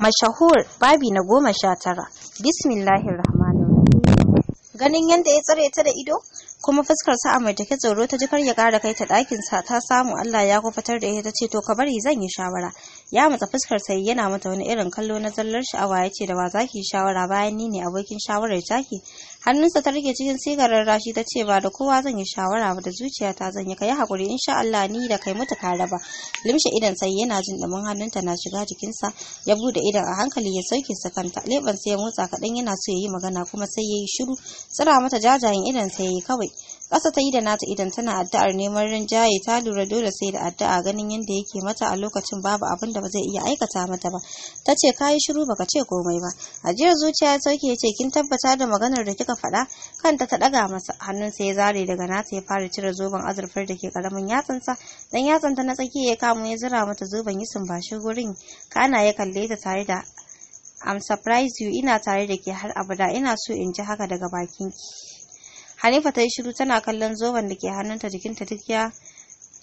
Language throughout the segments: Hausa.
mashahur babi na goma sha tara bismillahir rahmanir ganin yadda ya tsare ta da ido kuma fuskar sa mai take tsoro ta ji kar ya kara kai ta dakin sa ta samu Allah ya kufatar da ita ce to ka bari zan yi shawara ya matsa fuskar sai yana mata wani irin kallo na zallar sha'awa ya ce da wa zaki shawara bayan ni ne abokin shawarar taki hannunsa ta rike cikin sigarar rashi ta ce ba da kowa zan yi shawara ba da zuciyata zan yi kai hakuri sha Allah ni da kai mutu raba limshe idan sai yana jin damin hannunta na shiga jikinsa ya bude idan a hankali ya sauke sa kanta leban sai ya motsa kaɗan yana so ya yi magana kuma sai ya yi shiru tsira mata jajayen idan sai yi kawai Ƙasa ta yi da nata idan tana addu'ar neman rinjaye ta lura dole sai da addu'a ganin yadda yake mata a lokacin babu abin da ba zai iya aikata mata ba. Ta ce ka yi shiru baka ce komai ba. Ajiyar zuciya ya sauke ya ce kin tabbata da maganar da kika faɗa kanta ta ɗaga masa hannun sai ya zare daga nata ya fara cire zoben azurfar da ke ƙaramin yatsansa dan ta na tsakiya ya kamo ya zira mata zoben yi sumbashi gurin kana ya kalle ta tare da I'm surprised you ina tare da ke har abada ina so in ji haka daga bakin ki. Hanifa ta yi shiru tana kallon zoben da ke hannunta jikinta duk ya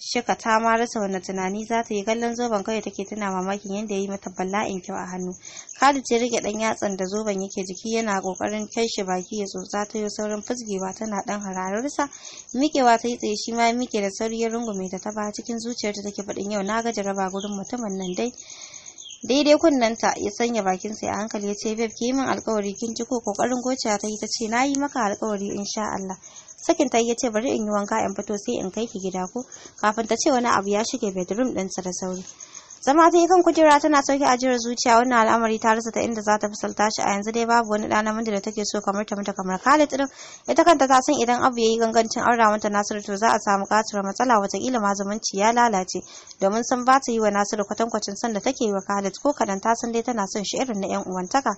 shika ta ma rasa wani tunani za ta yi kallon zoben kawai take tana mamakin yadda ya yi mata bala'in kyau a hannu. Kadu ce rike ɗan yatsan da zoben yake jiki yana ƙoƙarin kai shi baki ya tsotsa ta yi saurin fusgewa tana ɗan hararsa mikewa ta yi tsaye shi ma mike da sauri ya rungume ta ta ba cikin zuciyarta take faɗin yau na ga jaraba gurin mutumin nan dai daidai kunnanta ya sanya bakin bakinsa a hankali ya ce babe ki min alkawari kin ji ko kokarin gociya ta yi ce na yi maka alkawari insha Allah sakin ta ya ce bari in yi wanka in fito sai in kai ki gida ko kafin ta ce wani abu ya shige bedroom ɗinsa da sauri zama ta yi kan kujera tana sauke ajiyar zuciya wannan al'amari ta rasa ta inda za ta fasalta shi a yanzu dai babu wani ɗan namiji da take so kamar ta mata kamar Khalid din ita kanta ta san idan abu ya yi gangancin aura mata Nasiru to za a samu katuwar matsala watakila ma zumunci ya lalace domin san ba ta yi wa Nasiru kwatankwacin san da take yi wa Khalid ko kadan ta san dai tana son shi irin na yan uwantaka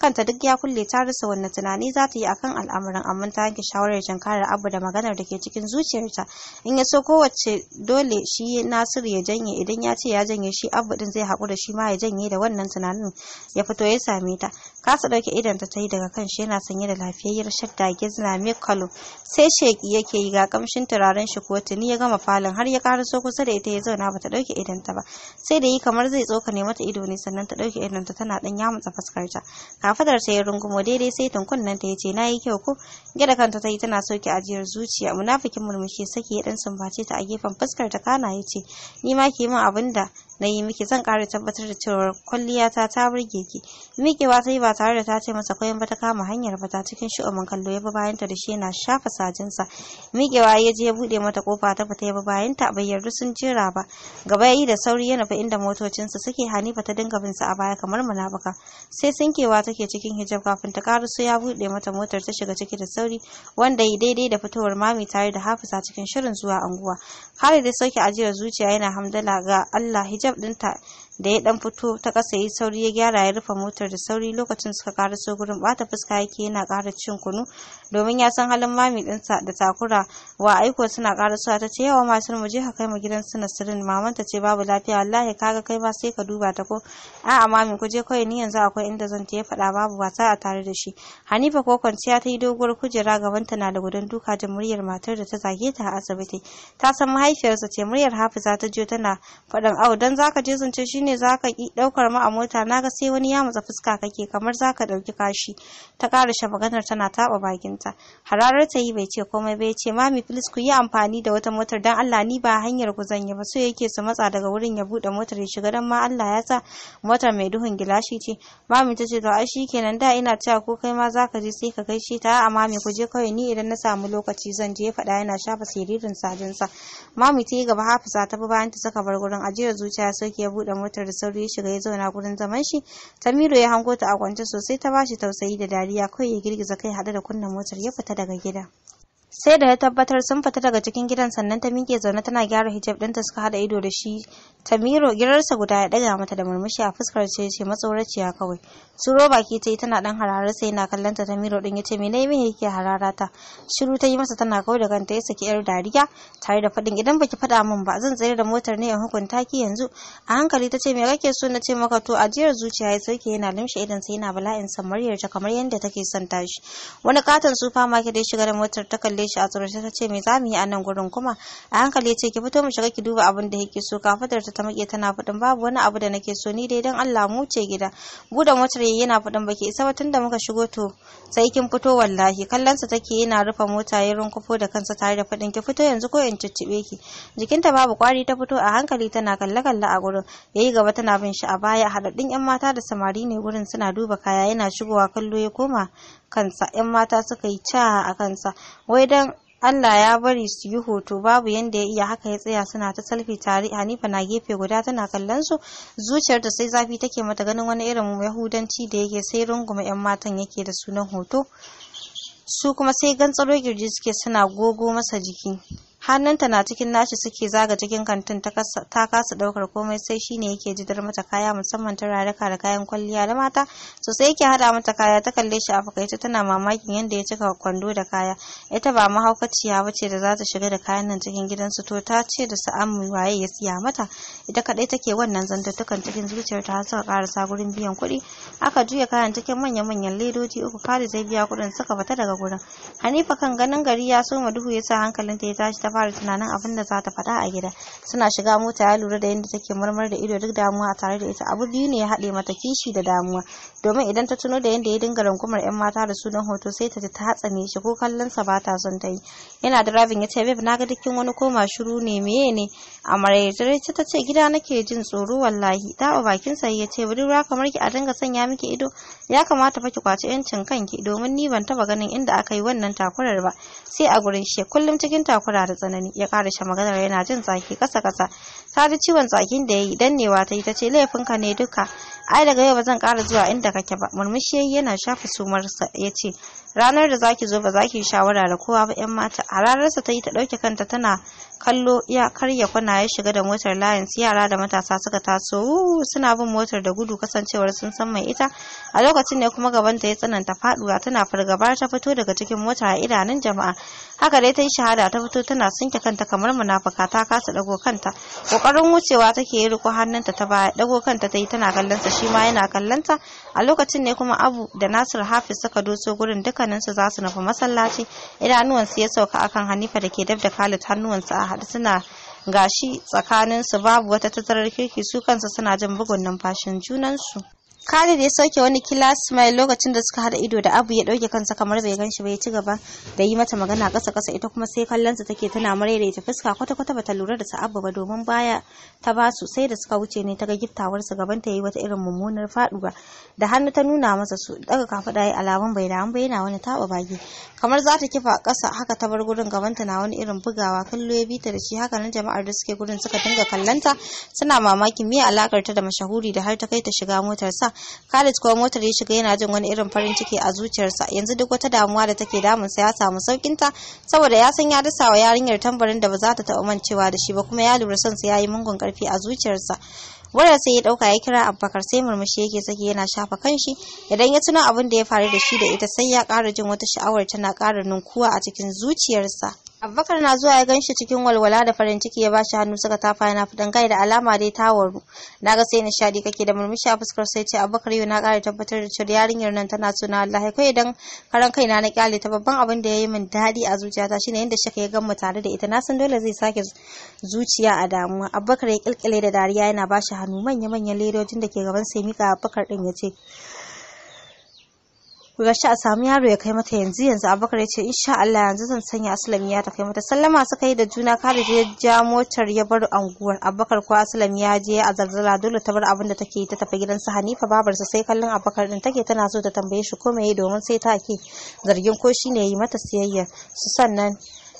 kanta duk ya kulle ta rasa wannan tunani za ta yi akan al'amarin amma ta yanke shawarar jankarar abu da maganar da ke cikin zuciyarta in ya so kowace dole shi Nasiru ya janye idan ya ce ya janye shi abu din zai haƙura shi ma ya janye da wannan tunanin ya fito ya same ta kasa ɗauke idan ta yi daga kan shi yana sanye da lafiyayyar shadda gizna mai kalo sai sheki yake yi ga kamshin turaren shi ko tuni ya gama falon har ya karaso kusa da ita ya zauna ba bata ɗauke ta ba sai da yi kamar zai tsoka ne mata ido ne sannan ta ɗauke ta tana ɗan yamutsa fuskarta kafadar ta ya rungumo daidai sai tunkunnan ta ya ce na yi kyau ko gyada kanta ta tana soke ajiyar zuciya munafikin murmushi saki ya dan sumbace ta a gefen fuskar ta kana ya ce ni ma ki min na yi miki zan ƙara tabbatar da cewa kwalliyata ta burge ki miki ta yi ba tare da ta ce masa koyon ba ta kama hanyar ta cikin shi'umin kallo ya bi ta da shi yana shafa sajinsa miƙewa ya je ya bude mata kofa ta fita ya bi bayanta bai yarda sun jira ba gaba ya yi da sauri ya fa inda motocinsa suke hanifa ta dinga bin sa a baya kamar munafuka sai sinkewa take cikin hijab kafin ta su ya bude mata motar ta shiga ciki da sauri wanda yi daidai da fitowar mami tare da hafisa cikin shirin zuwa anguwa hali dai sauke ajiyar zuciya yana hamdala ga Allah hijab 动态。da ya dan fito ta kasa yi sauri ya gyara ya rufe motar da sauri lokacin suka kara karaso gurin bata fuska yake yana kara cin kunu domin ya san halin mami dinsa da takura wa aiko suna so ta ce yawa masu mu je ka kai mu gidan su nasirin ta ce babu lafiya wallahi kaga kai ba sai ka duba ta ko a'a mami ku je kawai ni yanzu akwai inda zan ta ya faɗa babu wasa a tare da shi hanifa ko kwanciya ta yi doguwar kujera gaban ta na da gudan duka da muryar matar da ta zage ta a asibiti ta san mahaifiyarsa ce muryar hafiza ta je tana faɗin au dan zaka je zance shine ne za ka ki ɗaukar ma a mota na ga sai wani ya matsa fuska kake kamar za ka ɗauki kashi ta ƙara maganar tana taɓa baginta hararar ta yi bai ce komai bai ce mami filis ku yi amfani da wata motar don Allah ni ba hanyar ku zan ba so yake su matsa daga wurin ya buɗe motar ya shiga don ma Allah ya sa motar mai duhun gilashi ce mami ta ce to ai shikenan da ina cewa ko kai ma za ka je sai ka gaishe ta a mami ku je kawai ni idan na samu lokaci zan je faɗa yana shafa siririn sajinsa mami ta yi gaba hafisa ta bi bayan ta saka bar gurin ajiyar zuciya sauke ya buɗe motar motar da sauri ya shiga ya zauna gurin zaman shi tamiru ya hango ta a kwance sosai ta bashi tausayi da dariya kawai ya girgiza kai haɗe da kunna motar ya fita daga gida sai da ya tabbatar sun fita daga cikin gidan sannan ta miƙe zaune tana gyara hijab ɗinta suka haɗa ido da shi tamiro girarsa guda ya ɗaga mata da murmushi a fuskar ce ce matsoraciya kawai turo baki ta yi tana ɗan hararar sai yana kallon ta tamiro ɗin ya ce mene mene yake harara ta shiru ta yi masa tana kawai da kanta ya saki yar dariya tare da faɗin idan baki faɗa min ba zan tsayar da motar ne in hukunta ki yanzu a hankali ta ce me kake so na ce maka to ajiyar zuciya ya sauke yana limshe idan sai yana bala'in samaryar ta kamar yadda take son tashi wani katon sufa ya shiga da motar ta kalli kalle shi a sai ta ce me za mu yi a nan gurin kuma a hankali ya ce ki fito mu shiga ki duba abin da yake so kafadar ta ta make tana fadin babu wani abu da nake so ni dai dan Allah mu ce gida buɗe motar yana fadin baki isa ba tunda muka shigo to sai kin fito wallahi kallansa take yana rufe mota ya rinkufo da kansa tare da faɗin ki fito yanzu ko in ciccibe ki jikinta babu kwari ta fito a hankali tana kalle kalle a gurin yayi gaba tana bin shi a baya haɗaɗɗun yan mata da samari ne gurin suna duba kaya yana shigowa kallo ya koma kansa yan mata suka yi ca a kansa wai dan Allah ya bari su yi hoto babu yanda ya iya haka ya tsaya suna ta salfi tare Hanifa na gefe guda tana kallon su zuciyar zuciyarta sai zafi take mata ganin wani irin yahudanci da yake sai runguma yan matan yake da sunan hoto su kuma sai gantsaro girji suke suna gogo masa jiki hannunta na cikin nashi suke zaga cikin kantin ta kasa daukar komai sai shine yake jidar mata kaya musamman ta turarika da kayan kwalliya da mata sosai yake hada mata kaya ta kalle shi a fakaice tana mamakin yadda ya cika kwando da kaya ita ba mahaukaciya ba ce da za ta shiga da kayan nan cikin gidansu to ta ce da sa'amu waye ya siya mata ita kadai take wannan zantattukan cikin zuciyarta har suka karasa gurin biyan kuɗi aka juya kayan cikin manya-manyan ledoji uku kare zai biya kuɗin suka fita daga gurin hanifa kan ganin gari ya soma duhu ya sa hankalinta ya tashi ta fara tunanin abin da za ta faɗa a gida suna shiga mota ya lura da yadda take marmar da ido duk damuwa tare da ita abu biyu ne ya haɗe mata kishi da damuwa domin idan ta tuno da yadda ya dinga rangumar 'yan mata da sunan hoto sai ta ji ta hatsane shi ko kallon sa ba ta son ta yi yana da rabin ya ce bib na ga dukkin wani koma shiru ne meye ne a maraitare ta ce gida nake jin tsoro wallahi ta bakin sa ya ce budurwa kamar ki a dinga sanya miki ido ya kamata fa ki kwaci yancin kanki domin ni ban taba ganin inda aka yi wannan takurar ba sai a gurin shi kullum cikin takura da tsanani ya shi maganar yana jin tsaki kasa kasa ta ji ciwon tsakin da ya yi dannewa ta yi ta ce laifinka ne duka ai daga yau bazan zan ƙara zuwa inda kake ba murmushi yana shafa sumarsa ya ce ranar da zaki zo ba za ki shawara da kowa ba 'yan mata a ranarsa ta yi ta ɗauke kanta tana kallo ya karya kwana ya shiga da motar lions yara da matasa suka taso suna bin motar da gudu kasancewar sun san mai ita a lokacin ne kuma gaban gabanta ya tsananta faduwa tana fargabar ta fito daga cikin mota a idanun jama'a haka dai ta yi shahada ta fito tana sunke kanta kamar munafuka ta kasa dago kanta kokarin wucewa take yi riko hannunta ta baya dago kanta ta yi tana kallon sa shi ma yana kallon ta a lokacin ne kuma Abu da Nasir Hafiz suka doso gurin dukkanin su za su nufi masallaci idanuwansu ya sauka akan Hanifa da ke dab da Khalid hannuwansa a haɗu suna gashi su babu wata tattarar kirki su kansu suna jin bugun numfashin junansu Khalid ya sauke wani kila smile lokacin da suka hada ido da Abu ya dauke kansa kamar bai ganshi ba ya ci gaba da yi mata magana kasa kasa ita kuma sai kallonsa take tana maraidaita fuska kwata kwata bata lura da Abu ba domin baya ta ba su sai da suka wuce ne ta ga giftawarsa gabanta gaban ta yi wata irin mummunar faduwa da hannu ta nuna masa su daga kafada yi alamun bai damu ba yana wani taba baki kamar za ta kifa kasa haka ta bar gurin gaban ta na wani irin bugawa kallo ya bita da shi haka nan jama'ar da suke gurin suka dinga kallanta suna mamakin me alakar ta da mashahuri da har ta kai ta shiga motar Khalid kuwa motar ya shiga yana jin wani irin farin ciki a zuciyarsa yanzu duk wata damuwa da take damun sa ya samu saukin ta saboda ya san ya dasa wa yarinyar tambarin da ba za ta taɓa mancewa da shi ba kuma ya lura son sa yayi mungun karfi a zuciyarsa Wanda sai ya dauka ya kira Abubakar sai murmushi yake saki yana shafa kanshi idan ya tuna abin da ya faru da shi da ita sai ya ƙara jin wata sha'awar tana ƙara ninkuwa a cikin zuciyarsa. Abubakar na zuwa ya ganshi cikin walwala da farin ciki ya bashi hannu suka tafa yana fitan kai da alama dai ta Na ga sai nishadi kake da murmushi a fuskar sai ce Abubakar yau na ƙara tabbatar da cewa yarinyar nan tana so na Allah kai idan karan kai na na kyale ta babban abin da ya yi min daɗi a zuciyata shine yadda shaka ya gama tare da ita na san dole zai sake zuciya a damuwa. Abubakar ya kilkile da dariya yana bashi hannu manya-manyan ledojin da ke gaban sai mika Abubakar din ya ce gashi a samu yaro ya kai mata yanzu yanzu abubakar ya ce insha Allah yanzu zan sanya ya ta kai mata sallama suka yi da juna kare ya ja motar ya bar anguwar abubakar ko ya je a zarzara dole ta bar abin da take ta tafi su hanifa babarsa sai kallon abubakar din take tana so ta tambaye shi ko me domin sai ta ke zargin ko shine yi mata siyayya su sannan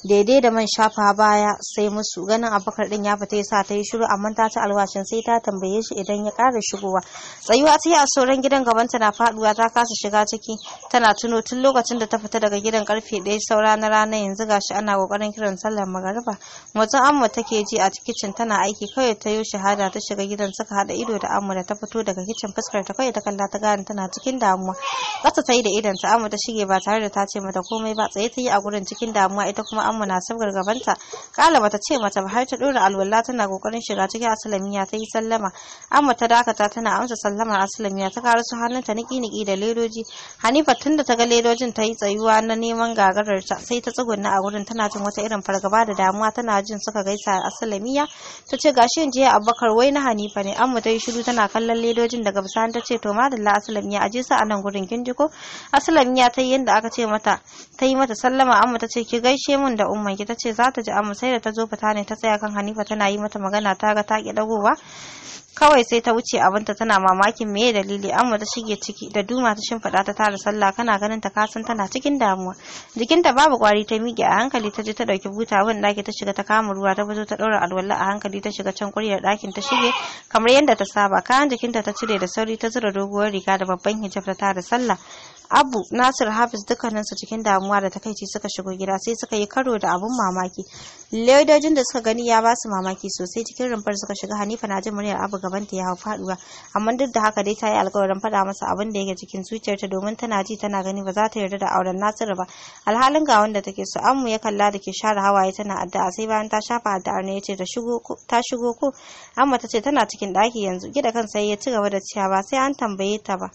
daidai da man shafa baya sai musu ganin abakar din ya fita yasa ta yi shiru amma ta ci alwashin sai ta tambaye shi idan ya ƙara shigowa tsayuwa ta yi a sauran gidan gabanta na faduwa ta kasa shiga ciki tana tuno tun lokacin da ta fita daga gidan karfe ɗaya saura na rana yanzu gashi ana kokarin kiran sallar magariba wata amma take ji a kicin tana aiki kawai ta yi shahada ta shiga gidan suka haɗa ido da amma da ta fito daga kicin fuskar ta kawai ta kalla ta gane tana cikin damuwa ƙasa ta yi da ta amma ta shige ba tare da ta ce mata komai ba tsaye ta yi a gurin cikin damuwa ita kuma ummu na sabgar gabanta kala bata ce mata ba har ta dora alwala tana kokarin shiga cikin asalamiya ta yi sallama amma ta dakata tana amsa sallamar asalamiya ta karo su hannunta niki niki da ledoji hanifa tunda ta ga ledojin ta yi tsayuwa na neman gagarar ta sai ta tsugunna a gurin tana jin wata irin fargaba da damuwa tana jin suka gaisa asalamiya ta ce gashi in a abubakar wai na hanifa ne amma ta yi shiru tana kallon ledojin daga bisani ta ce to madalla asalamiya aje sa a nan gurin kin ji ko asalamiya ta yi yadda aka ce mata ta yi mata sallama amma ta ce ki gaishe mun da da umman ki tace za ta ji amma sai da ta zo fita ne ta tsaya kan Hanifa tana yi mata magana ta ga ta ki dagowa kawai sai ta wuce abinta tana mamakin meye dalili amma ta shige ciki da duma ta shimfiɗa ta tara sallah kana ganin ta kasan tana cikin damuwa jikinta babu kwari ta miƙe a hankali ta je ta ɗauki buta wani ɗaki ta shiga ta kama ruwa ta fito ta ɗaura alwala a hankali ta shiga can kuryar dakin ta shige kamar yadda ta saba kayan jikinta ta cire da sauri ta zura doguwar riga da babban hijab ta tara sallah Abu Nasir Hafiz dukkaninsu cikin damuwa da takaici suka shigo gida sai suka yi karo da abun mamaki. Ledojin da suka gani ya ba su mamaki sosai cikin rumfar suka shiga Hanifa na jin muryar Abu gaban ta ya hau faduwa amma duk da haka dai ta yi alƙawarin faɗa masa abin da yake cikin zuciyarta domin tana ji tana gani ba za ta yarda da auren Nasiru ba. Alhalin ga wanda take so Ammu ya kalla da ke share hawaye tana addu'a sai bayan ta shafa addu'ar ne yace da shigo ta shigo ko Amma ta ce tana cikin ɗaki yanzu gida kan sai ya ci gaba da cewa ba sai an tambaye ta ba.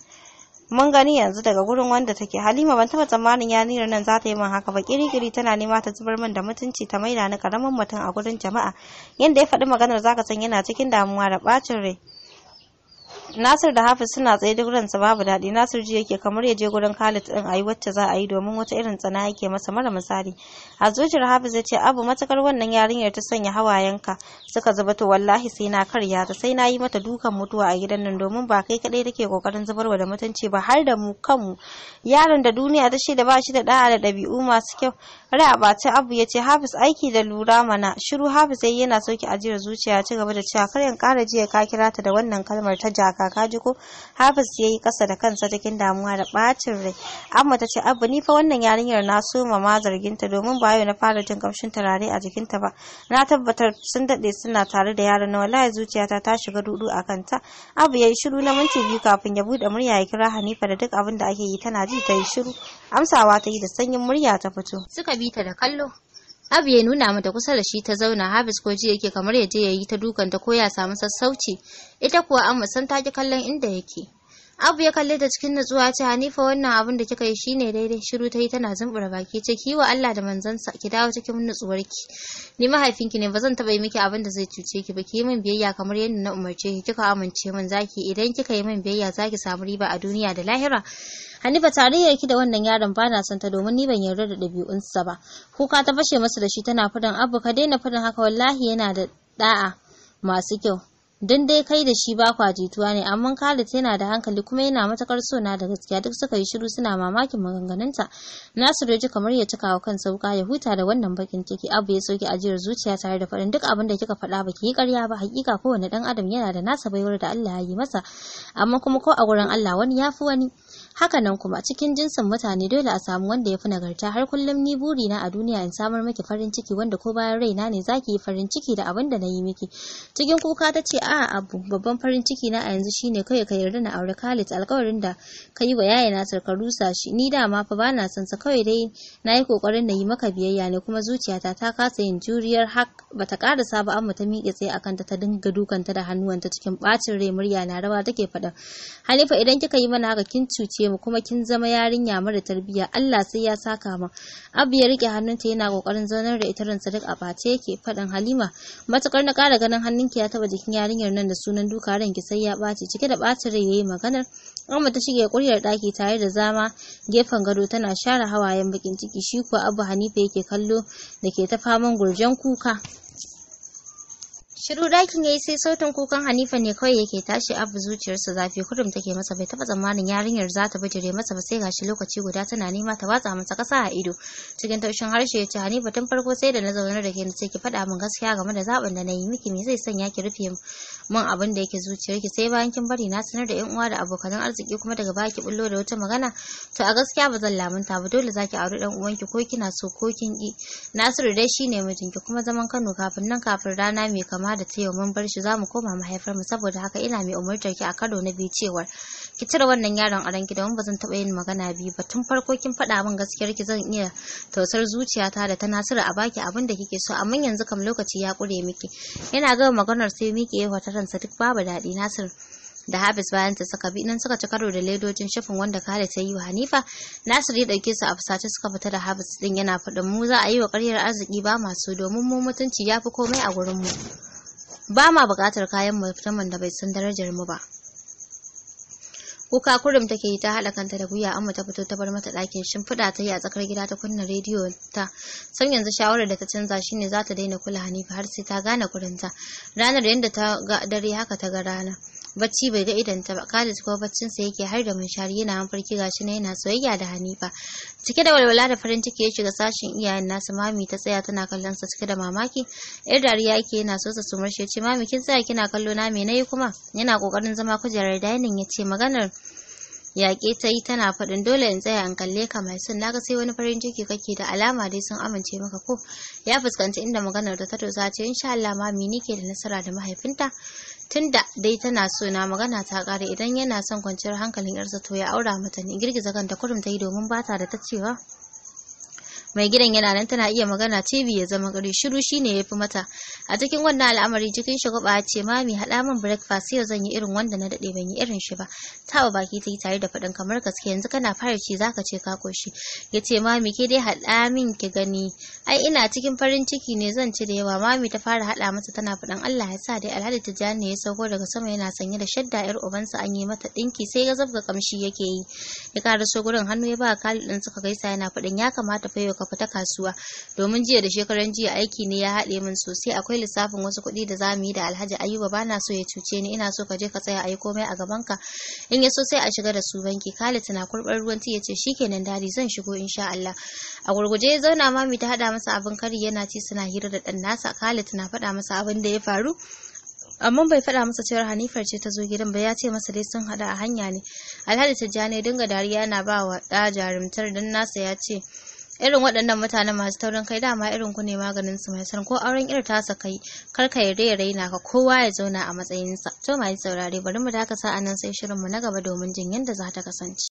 mun gani yanzu daga gurin wanda take halima ban taba tsammanin yarinyar nan za ta yi min haka ba kirikiri tana nema ta zubar min da mutunci ta maida ni karamin mutum a gurin jama'a yanda ya faɗi maganar zaka san yana cikin damuwa da bacin rai Nasir da Hafiz suna tsaye duk sa babu daɗi. Nasir ji yake kamar ya je gurin Khalid din ayi wacce za a yi domin wata irin tsana yake masa mara misali. A zuciyar Hafiz ya ce abu matakar wannan yarinyar ta sanya hawayenka suka zuba to wallahi sai na karya ta sai na yi mata dukan mutuwa a gidan nan domin ba kai kadai take kokarin zubarwa da mutunci ba har da mu kanmu. Yaron da duniya ta da ba shi da da'a da ɗabi'u masu kyau. Ra'a ba ta abu ya ce Hafiz aiki da lura mana shiru Hafiz sai yana soke ajiyar zuciya ci gaba da cewa kar in kara jiya ka kira ta da wannan kalmar ta jaka kajiko hafiz ya yi kasa da kansa cikin damuwa da ɓacin rai amma ta ce abu ni fa wannan yarinyar na so ma zarginta domin ba yau na fara jin kamshin turare a jikinta ba na tabbatar sun daɗe suna tare da yaron na wallahi zuciyata ta shiga dudu a kanta abu ya yi shiru na minti biyu kafin ya buɗe murya ya kira hanifa da duk abin da ake yi tana ji ta yi shiru amsawa ta yi da sanyin murya ta fito suka bi ta da kallo Abu ya nuna mata kusa da shi ta zauna Habis ko ji yake kamar ya je ya yi ta dukanta ko ya samu sassauci. Ita kuwa amma san ta kallon inda yake. Abu ya kalli ta cikin natsuwa ce Hanifa wannan abin da kika yi shi ne daidai shiru ta yi tana zumbura baki ce kiwa wa Allah da manzansa ki dawo cikin natsuwarki. Ni mahaifinki ne ba zan taba yi miki abin da zai cuce ki ba ki yi min biyayya kamar yadda na umarce ki kika amince min zaki idan kika yi min biyayya zaki samu riba a duniya da lahira. Hanifa tarayyar ki da wannan yaron ba na son ta domin ni ban yarda da ɗabi'unsa ba. Kuka ta fashe masa da shi tana fadan abu ka daina fadan haka wallahi yana da da'a masu kyau don dai kai da shi ba kwa jituwa ne amma Khalid yana da hankali kuma yana matakar so na da gaskiya duk suka yi shiru suna mamakin maganganunta Nasiru ya ji kamar ya cika wa kansa wuka ya huta da wannan bakin ciki abu ya soke ajiyar zuciya tare da faɗin duk abin da kika faɗa baki yi ƙarya ba hakika kowane ɗan adam yana da nasa baiwar da Allah ya yi masa amma kuma ko a gurin Allah wani ya fi wani haka nan kuma cikin jinsin mutane dole a samu wanda ya fi nagarta har kullum ni buri na a duniya in samar miki farin ciki wanda ko bayan raina ne zaki yi farin ciki da abin da na yi miki. Cikin kuka ta ce a'a abu babban farin ciki na a yanzu shine kawai ka yarda na aure Khalid alƙawarin da ka yi wa yaya na sarka rusa shi ni da ma fa bana son sa kawai dai na yi kokarin na yi maka biyayya ne kuma zuciyata ta kasa yin juriyar hak bata ƙara ba amma ta miƙe tsaye akan ta ta dinga dukanta da hannuwanta cikin bacin rai murya na rawa take faɗa. Halifa idan kika yi mana haka kin cuce mu kuma kin zama yarinya mara tarbiyya Allah sai ya saka mu abu ya rike hannunta yana kokarin zaunar da ita ran duk a bace yake faɗin Halima matukar na kara ganin hannunki ya taba jikin yarinyar nan da sunan duka ranki sai ya bace cike da bacin rai yayi maganar Amma ta shige kuryar ɗaki tare da zama gefen gado tana share hawayen bakin ciki shi kuwa Abu Hanifa yake kallo da ke ta faman gurjen kuka. Shiru ya yi sai sautin kukan Hanifa ne kawai yake tashi abu zuciyarsa zafi kurum take masa bai taɓa tsammanin yarinyar za ta bijire masa ba sai gashi lokaci guda tana nema ta watsa masa ƙasa a ido. Cikin taushin harshe ta Hanifa tun farko sai da na zaune da ke na ce ki faɗa min gaskiya game da zaɓin da na yi miki me zai sanya ki rufe mu. mun abin da yake zuciyarki sai bayan kin bari na sanar da yan uwa da abokan arziki kuma daga baya ki bullo da wata magana to a gaskiya ba zan lamunta ba dole zaki auri dan ki ko kina so ko kin ki Nasiru dai shine ki kuma zaman Kano kafin nan kafin rana mai kama da ta yau mun bar shi zamu koma mahaifar mu saboda haka ina mai umurtar ki a Kano na bi cewar ki cire wannan yaron a ranki domin bazan zan taɓa yin magana biyu ba tun farko kin faɗa min gaskiyar ki zan iya tausar zuciyata da ta nasira a baki abin da kike so amma yanzu kam lokaci ya ƙure miki yana gama maganar sai miki ya wata ransa duk babu daɗi nasir da Habis bayan ta saka bi nan suka ci karo da ledojin shafin wanda ka ta yi wa Hanifa Nasir ya dauke su a fusace suka fita da Habis din yana faɗin mu za a yi wa ƙaryar arziki ba masu domin mu mutunci yafi komai a gurin mu ba ma buƙatar kayan mutumin da bai san darajar mu ba kuka kurum take yi ta hada kanta da guya amma ta fito ta bar mata ɗakin shimfiɗa ta yi a tsakar gida ta kunna rediyo ta san yanzu shawarar da ta canza shine za ta daina kula hanifa har sai ta gane kurinta ranar yadda ta ga dare haka ta ga rana bacci bai ga idanta ba Khalid kuma baccin sa yake har da munshari yana mafarki gashi na yana soyayya da Hanifa cike da walwala da farin ciki ya shiga sashin iyayen nasa mami ta tsaya tana kallon sa cike da mamaki yar dariya yake yana so sa sumurce ce mami kin tsaya kina kallo na me nayi kuma yana kokarin zama kujerar dining yace maganar yaƙe ta yi tana faɗin dole in tsaya in kalle ka mai son naga sai wani farin ciki kake da alama dai sun amince maka ko ya fuskanci inda maganar da ta tosa ce insha Allah mami ni ke da nasara da mahaifinta tunda dai tana so na magana ta kare idan yana son kwanciyar hankalin yarsa to ya aura mata ne girgiza kanta kurum ta yi domin bata da ta cewa mai gidan yana nan tana iya magana TV ya zama gari shiru shine yafi mata a cikin wannan al'amari cikin A ce mami haɗa min breakfast yau zan yi irin wanda na daɗe ban yi irin shi ba ba baki ta yi tare da faɗin kamar gaske yanzu kana fara ci zaka ce ka koshi yace mami ke dai haɗa min ki gani ai ina cikin farin ciki ne zan ci da yawa mami ta fara haɗa mata tana faɗin Allah ya sa dai Alhaji Tijjani ya sauko daga sama yana sanye da shadda yar ubansa an yi mata ɗinki sai ga kamshi yake yi ya karaso gurin hannu ya ba Khalid din suka gaisa yana faɗin ya kamata fa yau ka fita kasuwa domin jiya da shekaran jiya aiki ne ya haɗe min sosai akwai lissafin wasu kuɗi da za mu yi da Alhaji Ayuba bana so ya cuce ni ina so ka je ka tsaya ayi komai a gaban ka. in ya so sai a shiga da su banki Khalid na kurɓar ruwan ti yace shikenan dadi zan shigo insha Allah a gurguje ya zauna mami ta haɗa masa abin kari yana ci suna hira da ɗan nasa Khalid na faɗa masa abin da ya faru amma bai faɗa masa cewar hanifar ce ta zo gidan ba ya ce masa dai sun haɗa a hanya ne alhaji tijjani dinga dariya na ba wa ɗa jarumtar don nasa ya ce irin waɗannan mutanen masu taurin kai dama irin ku ne maganin su mai san ko auren irin tasa kai kar ka yarda ya raina ka kowa ya zauna a matsayinsa to mai saurare bari mu dakasa nan sai shirin mu na gaba domin jin yadda za ta kasance